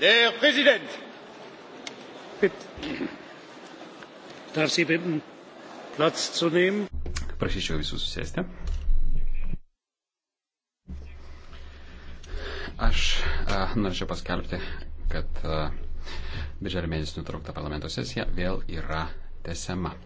herr präsident! darf sie bitten platz zu nehmen? prašyčiau visų susėsti. Aš a, norėčiau paskelbti, kad a, birželio mėnesį nutraukta parlamento sesija vėl yra tesiama.